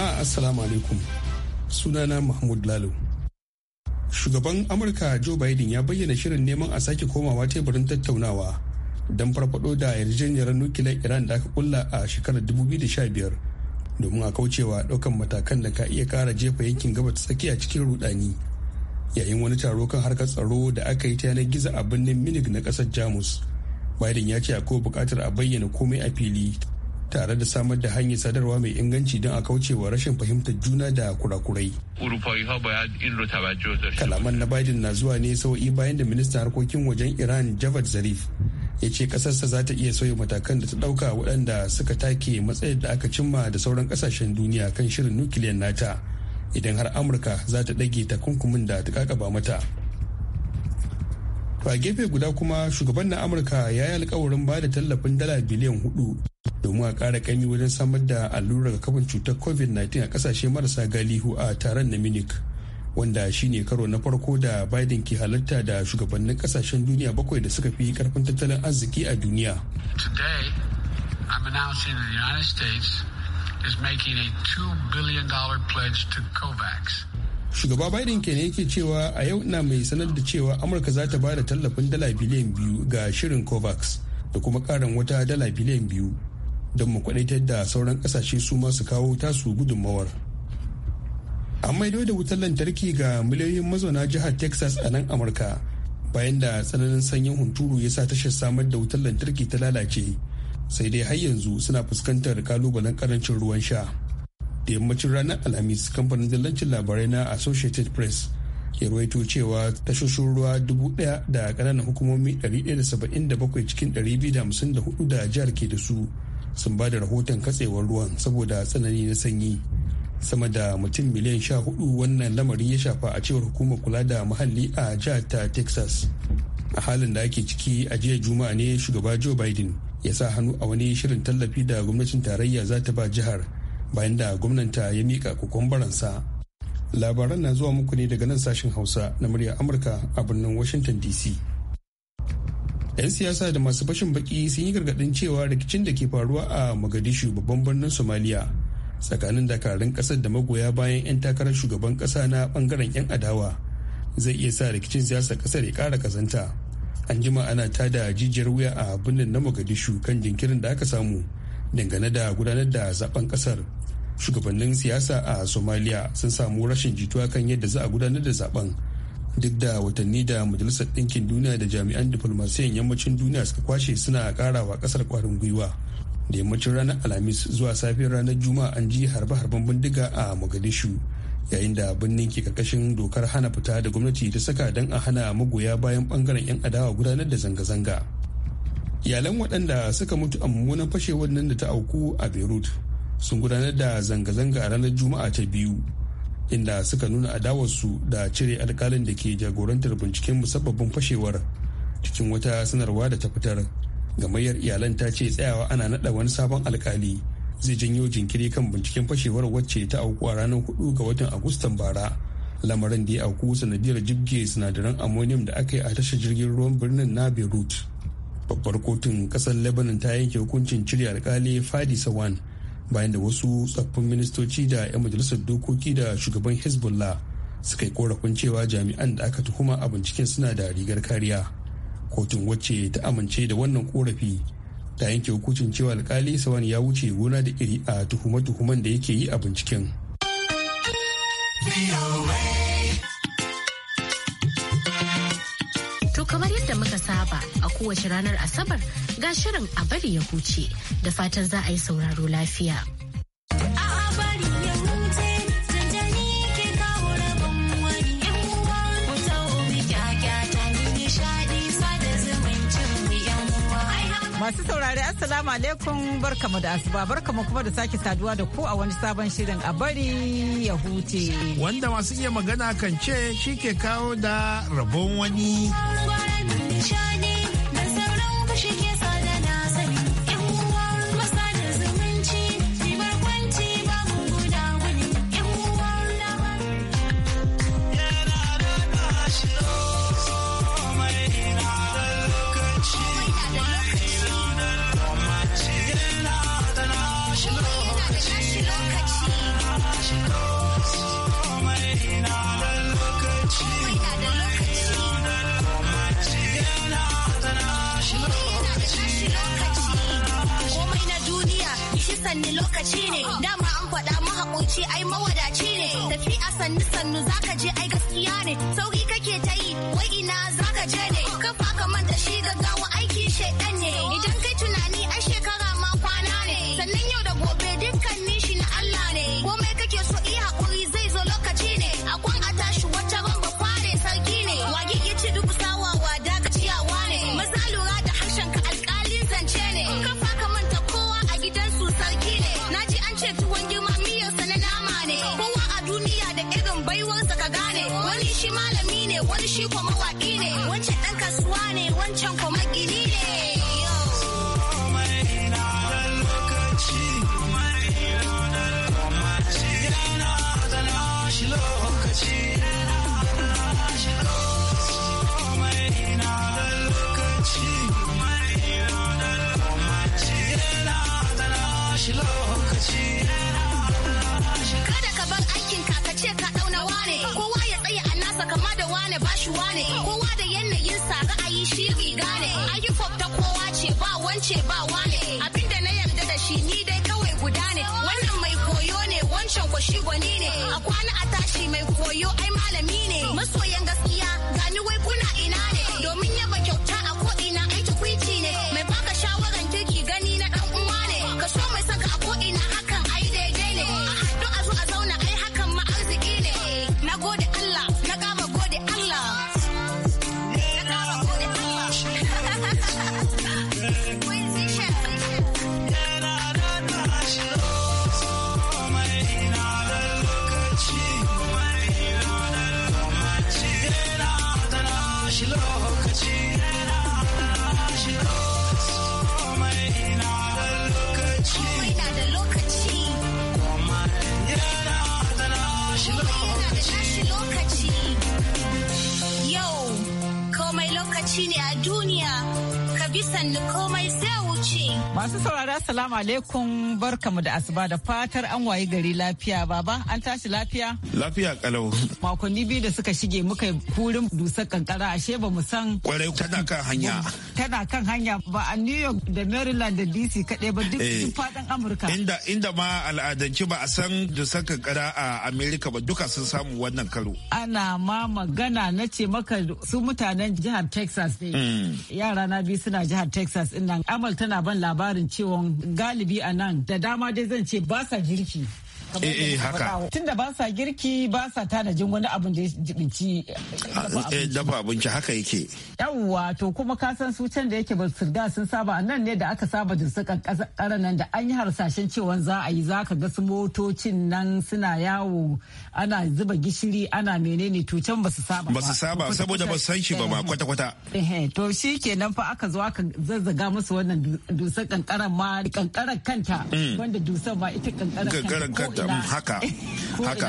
jama'a assalamu alaikum sunana mahmud lalo shugaban amurka joe biden ya bayyana shirin neman a sake komawa teburin tattaunawa don farfado da yarjejeniyar nukiliyar iran da aka kulla a shekarar 2015 domin a kaucewa daukan matakan da ka iya kara jefa yankin gabas ta tsakiya cikin rudani yayin wani taro kan harkar tsaro da aka yi ta yanar gizo a birnin munich na kasar jamus biden ya ce akwai bukatar a bayyana komai a fili tare da samar da hanyar sadarwa mai inganci don a kaucewa rashin fahimtar juna da kurakurai. Kalaman na Biden na zuwa ne sau'i bayan da ministan harkokin wajen Iran Javad Zarif ya ce kasarsa za ta iya sauya matakan da ta dauka waɗanda suka take matsayin da aka cimma da sauran kasashen duniya kan shirin nukiliyan nata idan har Amurka za ta ɗage takunkumin da ta kakaba mata. To a gefe guda kuma shugaban na Amurka ya yi alkawarin ba da tallafin dala biliyan hudu domin a kara ƙami wajen samar da allurar kafin cutar COVID-19 a ƙasashe marasa galihu a taron na Munich. Wanda shine karo na farko da Biden ke halarta da shugabannin kasashen duniya bakwai da suka fi karfin tattalin arziki a duniya. Today, I'm announcing the United States is making a $2 billion pledge to COVAX. shugaba biden ke ne yake cewa a yau na mai sanar da cewa amurka za ta ba da tallafin dala biliyan biyu ga shirin covax da kuma karin wata dala biliyan biyu don mu da sauran kasashe su masu kawo tasu gudunmawar an maido da wutar lantarki ga miliyoyin mazauna jihar texas a nan amurka bayan da tsananin sanyin hunturu ya sa tashar samar da wutar lantarki ta lalace sai dai har yanzu suna fuskantar kalubalen karancin ruwan sha da yammacin ranar alhamis kamfanin zallancin labarai na associated press ke ruwaito cewa tashoshin ruwa dubu daya da kananan hukumomi 177 cikin 254 da jihar ke da su sun ba da rahoton katsewar ruwan saboda tsanani na sanyi sama da mutum miliyan sha wannan lamarin ya shafa a cewar hukumar kula da muhalli a jihar ta texas a halin da ake ciki a jiya juma'a ne shugaba joe biden ya sa hannu a wani shirin tallafi da gwamnatin tarayya za ta ba jihar bayan da gwamnanta ya mika kukumbaransa labaran na zuwa muku ne daga nan sashen hausa na murya amurka a birnin washington dc 'yan siyasa da masu fashin baki sun yi gargadin cewa rikicin da ke faruwa a mogadishu babban birnin somaliya tsakanin dakarun kasar da magoya bayan 'yan takarar shugaban kasa na bangaren 'yan adawa zai iya sa rikicin siyasar kasar ya kara kazanta an jima ana tada jijiyar wuya a birnin na mogadishu kan jinkirin da aka samu dangane da gudanar da zaben kasar shugabannin siyasa a somalia sun samu rashin jituwa kan yadda za a gudanar da zaben duk da watanni da majalisar ɗinkin duniya da jami'an diflomasiyan yammacin duniya suka kwashe suna ƙara wa ƙasar ƙwarin gwiwa da yammacin ranar alhamis zuwa safiyar ranar juma'a an ji harbe-harben bindiga a mogadishu yayin da birnin ke karkashin dokar hana fita da gwamnati ta saka don a hana magoya bayan bangaren 'yan adawa gudanar da zanga-zanga iyalan waɗanda suka mutu a mummunan fashewar nan da ta auku a beirut sun gudanar da zanga-zanga a ranar juma'a ta biyu inda suka nuna adawarsu da cire alkalin da ke jagorantar binciken musabbabin fashewar cikin wata sanarwa da ta fitar gamayyar iyalan ta ce tsayawa ana naɗa wani sabon alkali zai janyo jinkiri kan binciken fashewar wacce ta auku a ranar hudu ga watan agustan bara lamarin da ya auku sanadiyar jibge sinadaran ammonium da aka yi a tashar jirgin ruwan birnin na beirut babbar kotun kasar lebanon ta yanke hukuncin cire alkali fadi sawan bayan da wasu tsaffin ministoci da 'yan majalisar dokoki da shugaban hezbollah suka yi korafin cewa jami'an da aka tuhuma a binciken suna da rigar kariya kotun wacce ta amince da wannan korafi ta yanke hukuncin cewa alkali sawan ya wuce gona da iri a tuhuma-tuhuman da yake yi a binciken. kowace ranar Asabar ga shirin a bari ya huce da fatan za a yi sauraro lafiya. Masu saurari Assalamu alaikum barkamu da asuba barkamu kuma da sake saduwa da ku a wani sabon shirin a bari ya huce. Wanda masu iya magana kan ce shi ke kawo da rabon wani. ka gane wani shi malami ne wani shi kuma ne wancan dan kasuwa ne wancan kuma gini Harshen kwashi gwani ne, a kwana a tashi mai koyo ai malami ne, masoyan gaskiya. com barkamu da asuba da fatar an wayi gari lafiya baba an tashi lafiya? Lafiya kalau. Makonni biyu da suka shige muka hurin dusar kankara ashe ba mu san. Kwarai tana kan hanya. Tana kan hanya ba a New York da Maryland da DC kaɗai ba duk eh. faɗin Amurka. Inda inda ma al'adance ba a san dusar kankara a Amerika ba duka sun samu wannan karo. Ana ma magana na ce maka su mutanen jihar Texas ne. Hmm. Yara na biyu suna jihar Texas ɗin nan. Amal tana ban labarin cewa galibi a nan da dama dai zan ce ba sa girki eh eh haka tunda ba sa girki ba sa tanajin wani abin da ya jibinci ah, eh, dafa abinci haka yake yawwa to kuma ka san su can da yake ba su da sun saba nan ne da aka saba da su kankaran nan da an yi harsashen cewa za a yi ka ga su motocin nan suna yawo ana zuba gishiri ana menene to can ba su saba ba su saba saboda ba san shi ba ma eh. kwata kwata to shi kenan fa aka zo aka zazzaga musu wannan dusar kankaran ma kankaran kanta mm. wanda dusar ma ita kankaran kanta fita haka mm, haka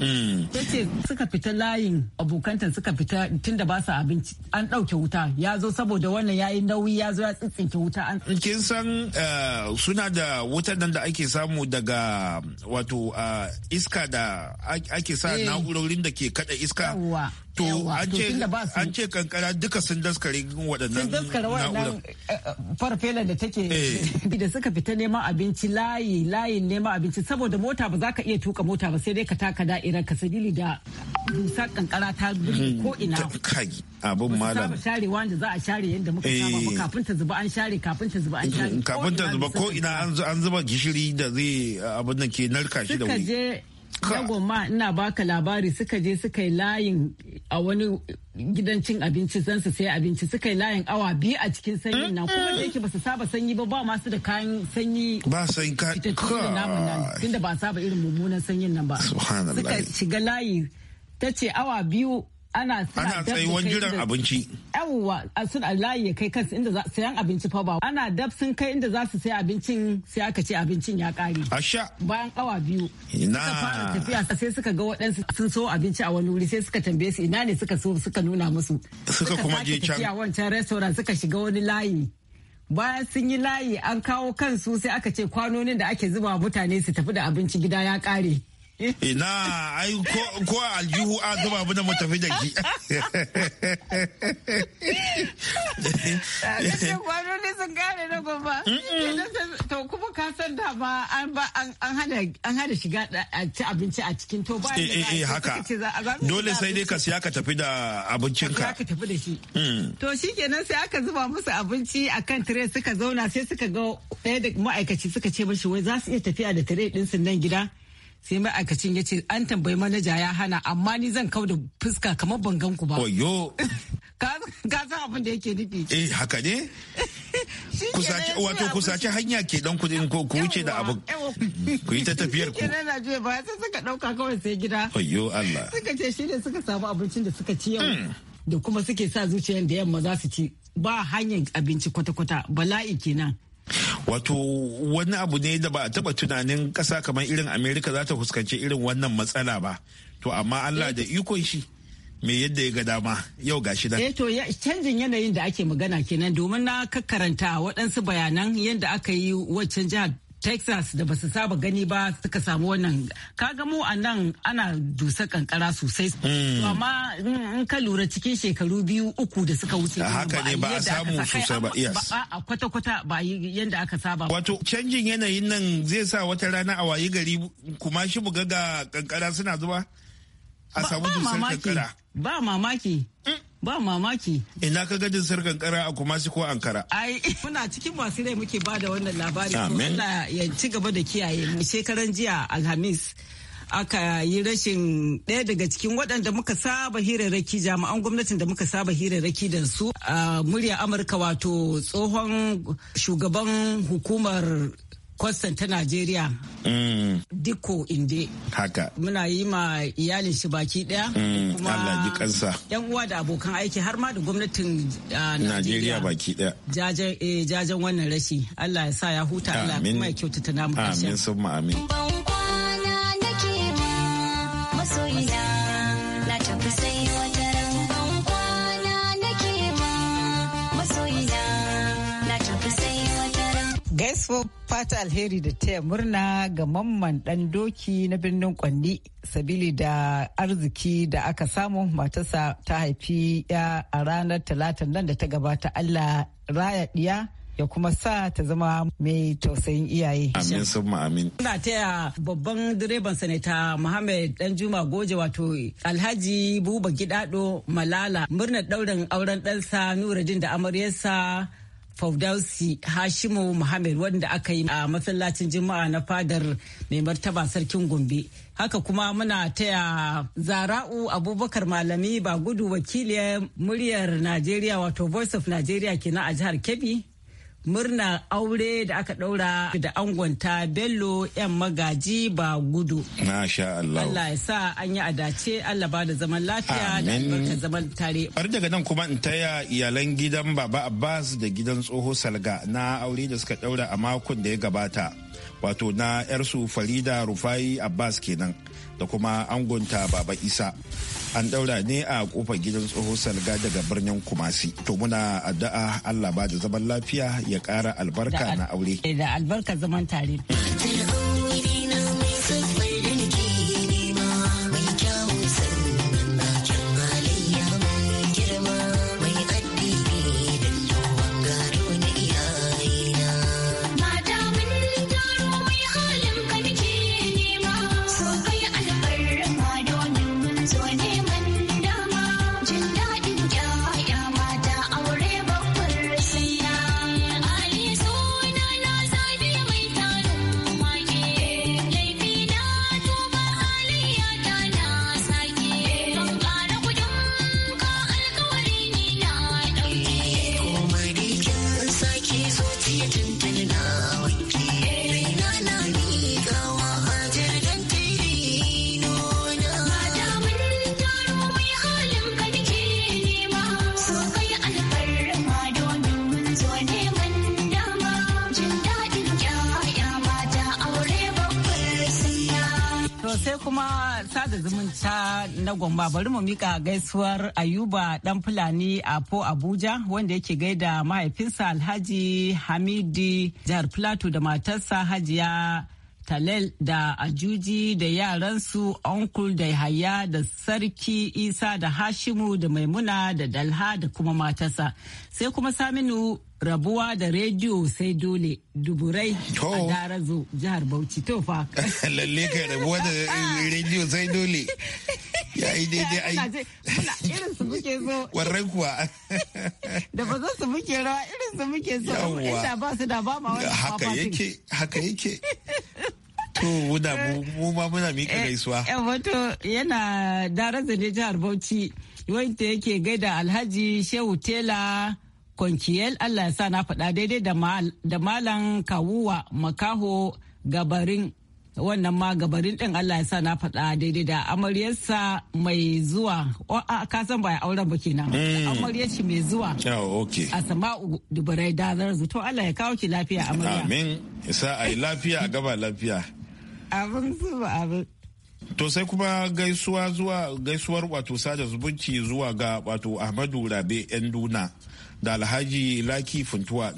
mm. ta suka fita layin abokantan suka fita tunda da ba su abinci an dauke wuta ya zo saboda wannan ya nauyi ya zo ya tsintsinke wuta an kin san eh, suna da wutar nan da ake samu daga wato ah, iska da ake sa eh. na'urorin da ke kada iska To an ce kankara duka sun daskare waɗannan Sun daskare waɗannan eh, farfela da take eh. da suka fita neman abinci layi layin neman abinci saboda mota ba za ka iya tuka mota ba sai dai ka taka da'irar ka sabili da dusar kankara ta ko ina. abin malam. Ba share wanda za a share yadda muka saba ba eh. kafin ta zuba an share kafin ta zuba an mm, share. Kafin ta zuba ko ina an zuba gishiri da zai abin da ke narka shi da wuri. ma ina baka labari suka je suka yi layin a wani gidan cin abinci zan su sai abinci suka yi layin awa biyu a cikin sanyin nan kuma da yake ba su saba sanyi ba ba masu da kayan sanyi ba sai ka tunda ba saba irin mummunan sanyin nan ba suka shiga layi ta ce awa biyu ana ana wani jiran abinci yawwa a sun layi ya kai kansu inda za sayan abinci fa ba ana dab sun kai inda za su sayi abincin sai aka ce abincin ya kare asha bayan awa biyu ina fara tafiya sai suka ga waɗansu sun so abinci a wani wuri sai suka tambaye su ina ne suka so suka nuna musu suka kuma je can wancan restaurant suka shiga wani layi bayan sun yi layi an kawo kansu sai aka ce kwanonin da ake zuba mutane su tafi da abinci gida ya kare Ina ai ko aljihu a zuba abin da mutafi da ki. Kwanoni sun gane na gaba. To kuma ka san da ba an ba an shiga a ci abinci a cikin to ba eh, eh, eh haka. Dole sai dai ka siya ka tafi da abincinka. Ka tafi da shi. Mm. To shikenan sai aka zuba musu abinci akan tire suka zauna sai suka ga ɗaya da ma'aikaci suka ce mashi wai za su iya tafiya da tire ɗinsu nan gida. sai ma'aikacin ya ce an tambayi manaja ya hana amma ni zan kau da fuska kamar ban gan ku ba oyo ka san abin da yake nufi eh haka ne kusace wato kusace hanya ke dan kudin ko ku wuce da abu ku yi ta tafiyar ku kenan na je ba sai suka dauka kawai sai gida oyo Allah suka ce shi ne suka samu abincin da suka ci yau hmm. da kuma suke sa zuciyar da yamma za su ci ba hanyar abinci kwata-kwata bala'i kenan wato wani abu ne da ba a taba tunanin kasa kamar irin amerika za ta fuskanci irin wannan matsala ba to amma allah da eh. ikon shi me yadda ya ga dama yau gashi da. Eh, to canjin yanayin da ake magana kenan domin na kakkaranta waɗansu bayanan yadda aka yi waccan jihar Texas da basu saba gani ba suka samu wannan kaga mu a nan ana dusa kankara sosai hmm. amma in ka lura cikin shekaru biyu uku da suka wuce haka ne ba a samu sosai ba yes a kwata kwata ba yanda aka saba wato canjin yanayin nan zai sa wata rana a wayi gari kuma shi buga ga kankara suna zuba a samu dusar kankara ba mamaki hmm. ba mamaki. Ina ka gajin sarkan kara a Kumasi ko Ankara? Ai, muna cikin masu rai muke ba da wannan labari. Amen. ya ci gaba da kiyaye mu. Shekaran jiya Alhamis. aka yi rashin ɗaya daga cikin waɗanda muka saba hirarraki jami'an gwamnatin da muka saba hirarraki da su a murya amurka wato tsohon shugaban hukumar kwastan ta Najeriya. Mm. Diko inde. Haka. Muna yi ma iyalin shi baki daya. Mm. Allah ji kansa. Yan uwa da abokan aiki har ma da gwamnatin ah, Najeriya baki daya. Eh, jajen wannan rashi. Allah ya sa ya huta Allah kuma ya kyautata namu Amin Amin. amin. gaisuwa fata alheri da taya murna ga mamman dan doki na birnin kwanni sabili da arziki da aka samu matarsa ta haifi ya a ranar talatin nan da ta gabata allah raya ɗiya ya kuma sa ta zama mai tausayin iyaye. Amin sun amin. Ina taya babban direban sanata Muhammad juma Goje wato Alhaji Buba Gidado Malala murnar daurin auren ɗansa Nuruddin da amaryarsa Faudausi Hashimu Muhammad wanda aka yi a masallacin Juma'a na fadar mai martaba sarkin Gombe. Haka kuma muna taya Zara'u Abubakar Malami ba gudu wakiliyar muryar Najeriya wato Voice of Nigeria kenan a jihar Kebbi murna aure da aka ɗaura da angonta bello yan magaji ba gudu masha Allah Allah ya sa an yi adace Allah ba da zaman lafiya da albarkar zaman tare bari daga nan kuma in taya iyalan gidan baba Abbas da gidan tsoho Salga na aure da suka ɗaura a makon da ya gabata wato na yarsu Farida Rufai Abbas kenan da kuma angonta baba Isa an daura ne a kofar gidan tsoho salga daga birnin kumasi to muna addu'a allah ba da zaman lafiya ya kara albarka na aure da albarka zaman tare na gwamba bari mu mika gaisuwar ayuba dan fulani a po abuja wanda yake gaida mahaifinsa alhaji hamidi jihar plateau da matarsa hajiya talel da ajuji da yaransu onkul da haya da sarki isa da hashimu da maimuna da dalha da kuma matarsa sai kuma saminu rabuwa da rediyo sai dole duburai a darazo jihar bauchi tofa. lalle kai rabuwa da rediyo sai dole ya yi daidai ai irin su muke so warren kuwa da ba su muke rawa irin su muke so inda ba su da ba ma wani haka yake haka yake To muna mu ma muna mika eh, gaisuwa. Yan eh, wato yana daraja ne jihar Bauchi wanda yake gaida Alhaji Shehu Tela kwanciyar Allah ya sa na faɗa daidai da malam Kawuwa Makaho Gabarin wannan ma gabarin din Allah ya sa na faɗa daidai da amaryarsa mai zuwa ka san ba auren ba kenan hmm. amaryar shi mai zuwa a sama dubarai da zarzu to Allah ya kawo ki lafiya amarya amin isa a yi lafiya a gaba lafiya abin zuwa abin to sai kuma gaisuwa zuwa gaisuwar wato sada zubunci zuwa ga wato Ahmadu Rabe yan duna da Alhaji Laki Funtuwa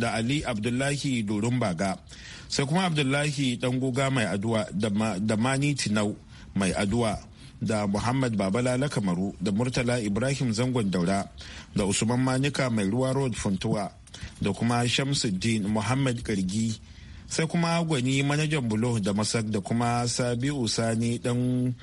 da Ali Abdullahi Dorin Baga sai kuma abdullahi dangoga mai aduwa da mani tinau mai addua da muhammad babalala kamaru da murtala ibrahim zangon daura da usman manika mai ruwa road funtuwa da kuma shamsuddin muhammad kargi sai kuma gwani manajan bulo da masak da kuma sabi'u sani dan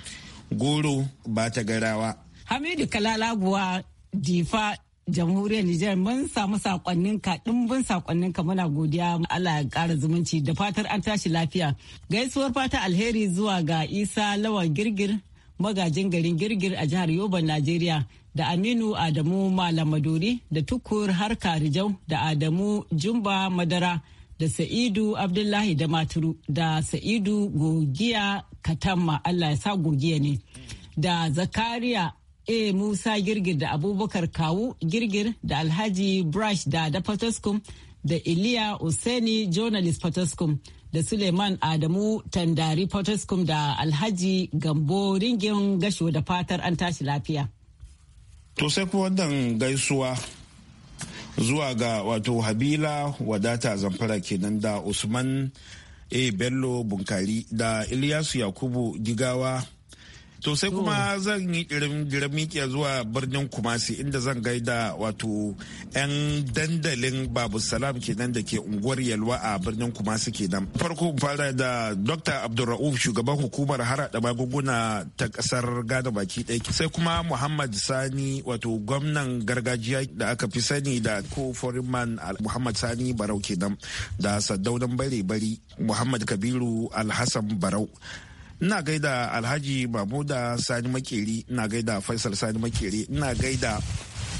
goro ba ta garawa hamidu kalalaguwa difa jamhuriyar Nijar mun samu sakonnin ka dimbin sakonnin ka muna godiya Allah ya kara zumunci da fatar an tashi lafiya. Gaisuwar fata alheri zuwa ga Isa lawa Girgir magajin garin Girgir a jihar yoban Najeriya da Aminu Adamu Malam Malamadori da Tukur Harka Rijau da Adamu Jumba Madara da Sa'idu Abdullahi da Maturu da Sa'idu Gogiya Katamma Allah ya sa gogiya ne da Zakariya A Musa Girgir da Abubakar Kawu Girgir da Alhaji Brash da da da Iliya Useni Journalist Fataskum da Suleiman Adamu Tandari Fataskum da Alhaji Gambo Ringin Gasho da fatar an tashi lafiya. To sai ku wannan gaisuwa zuwa ga wato Habila wadata zamfara kenan da Usman A. Bello Bunkari da iliyasu Yakubu Gigawa To sai kuma zan yi ƙirin mikiya zuwa birnin Kumasi inda zan gaida wato 'yan dandalin Babu Salam kenan da ke unguwar Yalwa a birnin Kumasi kenan. Farko fara da Dr. Abdulra'uf shugaban hukumar harada magunguna ta kasar Ghana baki ɗaya. Sai kuma Muhammad Sani wato gwamnan gargajiya da aka fi sani da ko Foreman Muhammad Sani Barau kenan da Saddaunan Bare Bari Muhammad Kabiru Alhassan Barau. ina gaida alhaji babu da sani makeri ina gaida faisal sani makeri ina gaida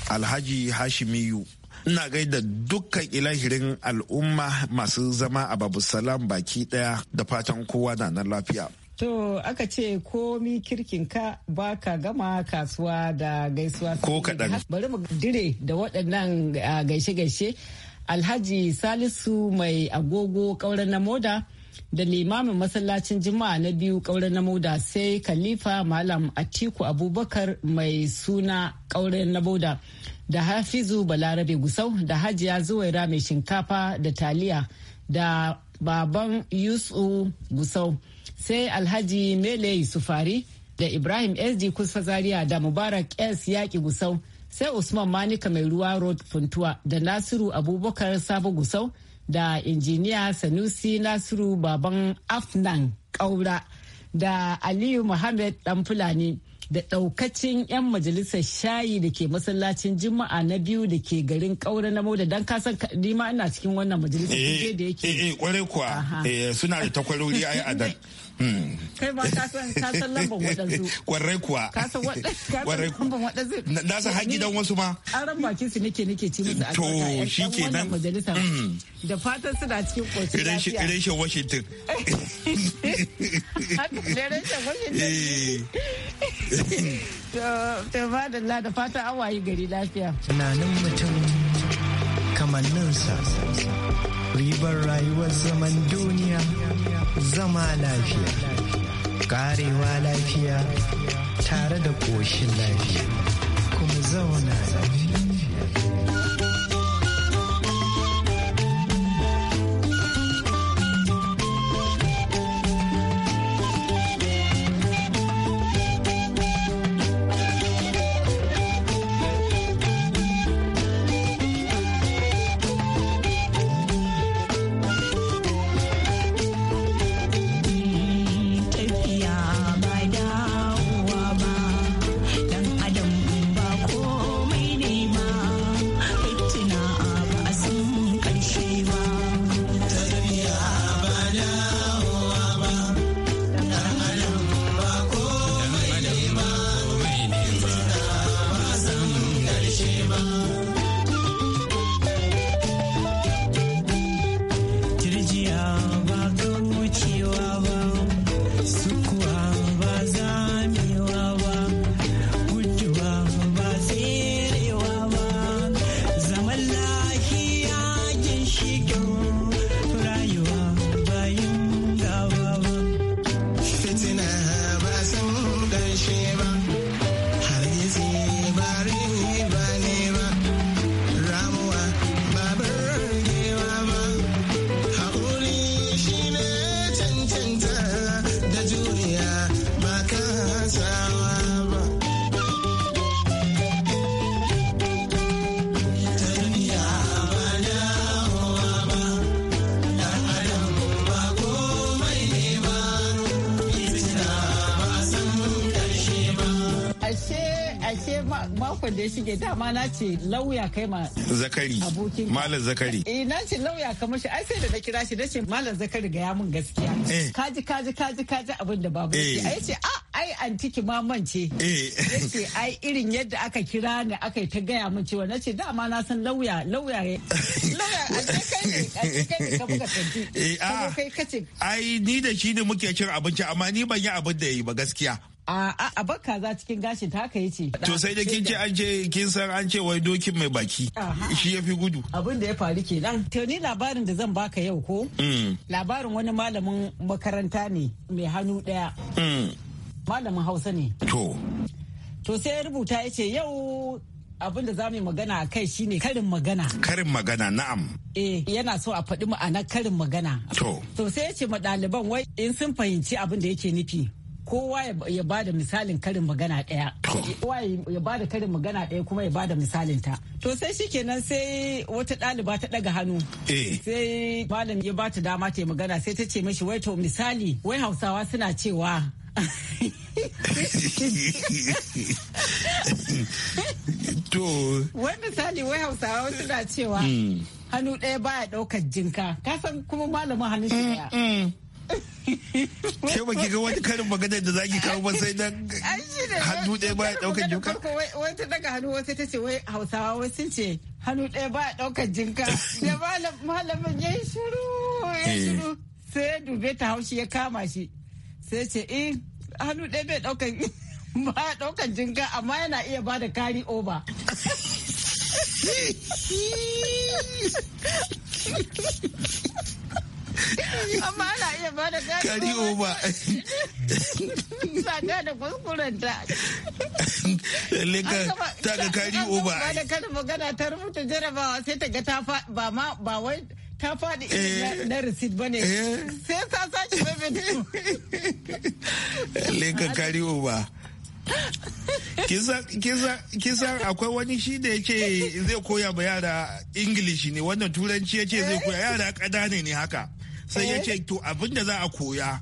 alhaji hashimiyu ina gaida dukkan ilahirin al'umma masu zama a babu salam baki daya da fatan kowa na nan lafiya To aka ce komi kirkinka ba ka gama kasuwa da gaisuwa. Ko kaɗan. Bari mu dire da waɗannan ah, gaishe-gaishe. Alhaji Salisu mai agogo ƙauren na moda. da limamin masallacin juma'a na biyu ƙauren na moda sai khalifa malam atiku abubakar mai suna ƙauren na moda da hafizu balarabe gusau da hajiya zuwaira mai shinkafa da taliya da baban yusu gusau sai alhaji mele sufari da ibrahim sd kusa zaria da mubarak s yaƙi gusau sai usman manika mai ruwa road funtuwa da nasiru abubakar sabo gusau da injiniya sanusi nasiru baban afnan kaura da aliyu muhammad dan fulani da daukacin 'yan majalisar shayi da ke masallacin juma'a na biyu da ke garin kaura na mauda don kasan nima ina cikin wannan majalisar eh, da yake eh, eh kwarai kuwa eh, suna da takwarori a adan kai ba ka san ka lambar waɗansu kwarai kuwa ka san kwarai lambar na san har gidan wasu ma aran bakin su nake nake ci musu to shikenan majalisa mm. da fatan suna cikin kocin lafiya reshen washington reshen washington eh. to ba da da fatan an wayi gari lafiya tunanin mutum kamannin sa ribar rayuwar zaman duniya zama lafiya karewa lafiya tare da ƙoshin lafiya ma na ce lauya kai ma zakari malam zakari eh na ce lauya ka mashi ai sai da na kira shi na ce malam zakari ga ya mun gaskiya eh. kaji kaji kaji kaji abin da babu shi eh. ai ce a ah, ai antiki ma mance eh. ce ai irin yadda aka kira ni aka ta gaya min cewa na ce dama na san lauya lauya lauya a kai ne ka buga tanti ah. kace ai ni da shi ne muke cin abinci amma ni ban yi abin da yi ba gaskiya a a bakka za cikin gashin ta haka yace to sai da kin ce an ce kin san an ce wai dokin mai baki shi yafi gudu abin da ya faru kenan to ni labarin da zan baka yau ko mm. labarin wani malamin makaranta ne mai hannu daya mm. malamin hausa ne to to sai ya rubuta yace yau abin da za mu magana a kai shine karin magana karin magana na'am eh yana so a faɗi ma'anar karin magana to sai ya ce ma ɗaliban wai in sun fahimci abin da yake nufi kowa ya ba da misalin karin magana ɗaya kowa ya ba da karin magana ɗaya kuma ya ba da misalin ta to sai shikenan sai wata ɗaliba ta ɗaga hannu eh. sai malam ya ba ta dama ta magana sai ta ce mashi wai to misali wai hausawa suna cewa to wai misali wai hausawa suna cewa hmm. hannu ɗaya baya ɗaukar jinka kasan kuma malamin hannun shi ɗaya mm, mm, mm. ke ba ki ga wani karin maganar da zaki kawo ba sai dan hannu ɗaya ba ya ɗaukar jinka wata daga hannu wata ta ce wai hausawa sun ce hannu ɗaya ba ya ɗaukar jinka da malamin ya yi shiru ya shiru eh. sai ya dube ta haushi ya kama shi sai ce in eh, hannu ɗaya bai ɗaukar ba ya ɗaukar jinka amma yana iya ba da kari over kari na gane kuskurenta lalle ta ga jarabawa sai ta ga ta ba eh. eh. kisan akwai wani shi da yake zai koya ba yara ingilishi ne wannan turanci ya ce zai koya yara kadane ne haka sai ya eh? ce to abin da za a koya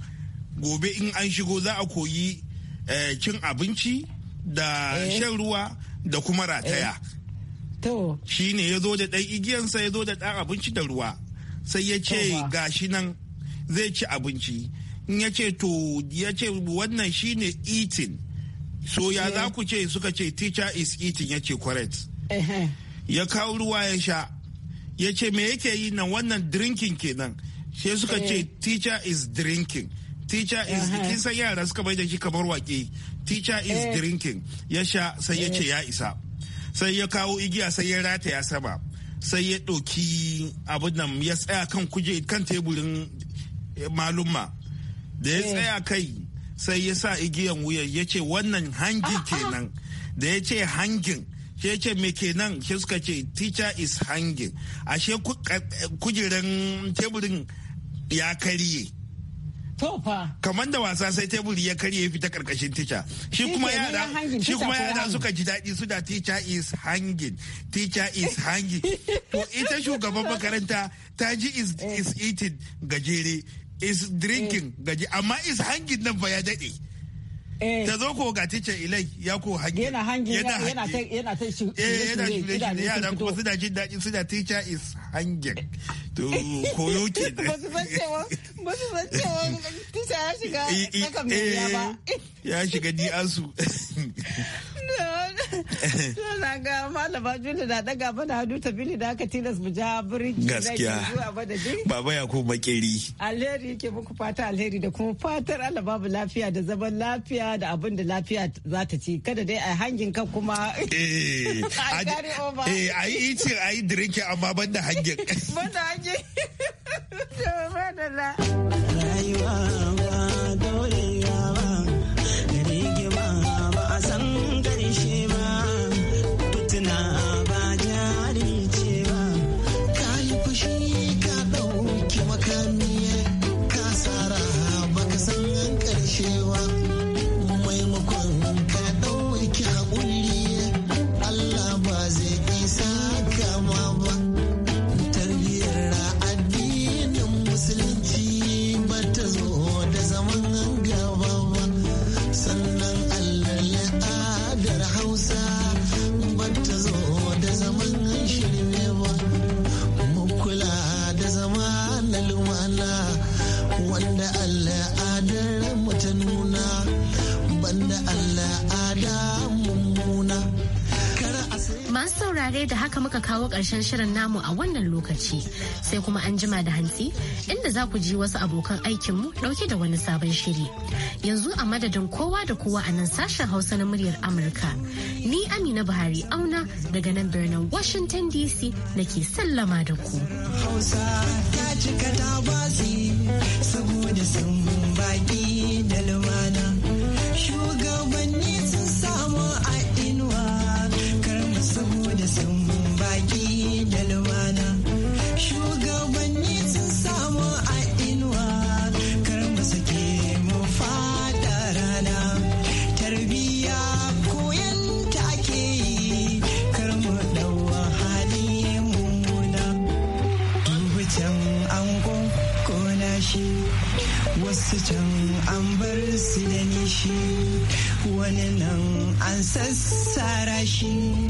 gobe in an shigo za a koyi eh, cin abinci da eh? shan ruwa da kuma rataya shi ne ya zo da ɗan igiyansa ya zo da ɗan abinci da ruwa sai ya ce shi nan zai ci abinci in ya ce to ya ce wannan shi ne eating so ya za ku ce suka ce teacher is eating ya ce correct ya kawo ruwa ya sha ya ce me yake yi nan wannan drinking kenan sai suka ce eh. teacher is drinking teacher is kin san yara suka bai da shi kamar wake teacher is eh. drinking ya sha sai ya ce eh. ya isa sai ya kawo igiya sai ya rataya sama sai ya doki abin nan ya tsaya kan kuje kan teburin malumma da ya tsaya kai sai ya sa igiyan wuya ya ce wannan hangin ah, ah. kenan da ya ce hangin ke ce me kenan ke suka ce teacher is hanging ashe kujeran teburin ya karye tofa kamar da wasa sai tebur ya karye fita karkashin tica shi kuma yara shi kuma suka ji daɗi su da teacher is hanging teacher is hanging to ita shugaban makaranta ta ji is is eating gajere is drinking eh. gaje amma is hanging nan fa ya daɗe Eh. ta zo ko ga tice ilai ya ko hangi yana hangi yana yana ta yana ta shi eh yana shi ne yara kuma suna jin da suna teacher is hanging to koyo ke ba su san cewa ba su san cewa teacher ya shiga eh, ya shiga di asu na ga malama juli na daga mana hannu ta bili da aka tilas mu ja birki gaskiya baba ya ko makeri alheri yake muku fata alheri da kuma fatar Allah babu lafiya da zaman lafiya da abin da lafiya za ta ci kada dai a hangin kan kuma eh, eh a yi ice a yi diriki amma ban da hangin ban da hangin rayuwa saurare da haka muka kawo ƙarshen shirin namu a wannan lokaci sai kuma an jima da hantsi inda za ku ji wasu abokan aikinmu ɗauke da wani sabon shiri. Yanzu a madadin kowa da kowa a nan sashen Hausa na muryar Amurka. Ni Amina Buhari auna daga nan birnin Washington DC nake sallama da ku. shugabanni sassara shi